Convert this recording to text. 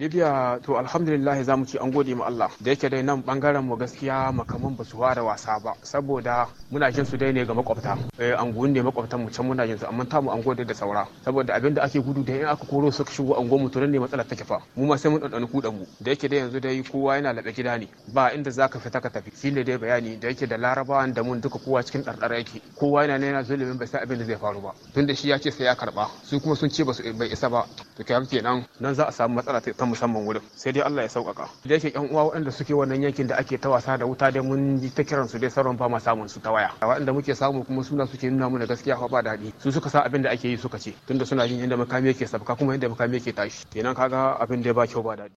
libya to alhamdulillah za mu ci an gode ma allah da yake dai nan bangaren mu gaskiya makaman ba su fara wasa ba saboda muna jin su dai ne ga makwabta eh, anguwan ne makwabtan mu can muna jin su amma ta mu an gode da saura saboda abin da ake gudu da in aka koro su ka shigo anguwan mu to nan ne matsalar take fa mu ma sai mun ɗanɗana kudan mu da yake dai yanzu dai kowa yana laɓe gida ne ba inda zaka fita ka tafi ne dai bayani da yake da larabawan da mun duka kowa cikin dardara yake kowa yana yana zulumin ba sai abin da zai faru ba tunda shi ya ce sai ya karba su kuma sun ce ba su bai isa ba to kenan nan za a samu matsala ta musamman wurin sai dai Allah ya sauƙaƙa da yake yan uwa waɗanda suke wannan yankin da ake ta wasa da wuta dai mun ji ta kiransu su dai sauran ba ma samun su ta waya waɗanda muke samu kuma suna suke nuna mana gaskiya ba daɗi su suka sa abin da ake yi suka ce tunda suna jin yadda makami yake sabka kuma yadda makami yake tashi kenan kaga abin da ba kyau ba daɗi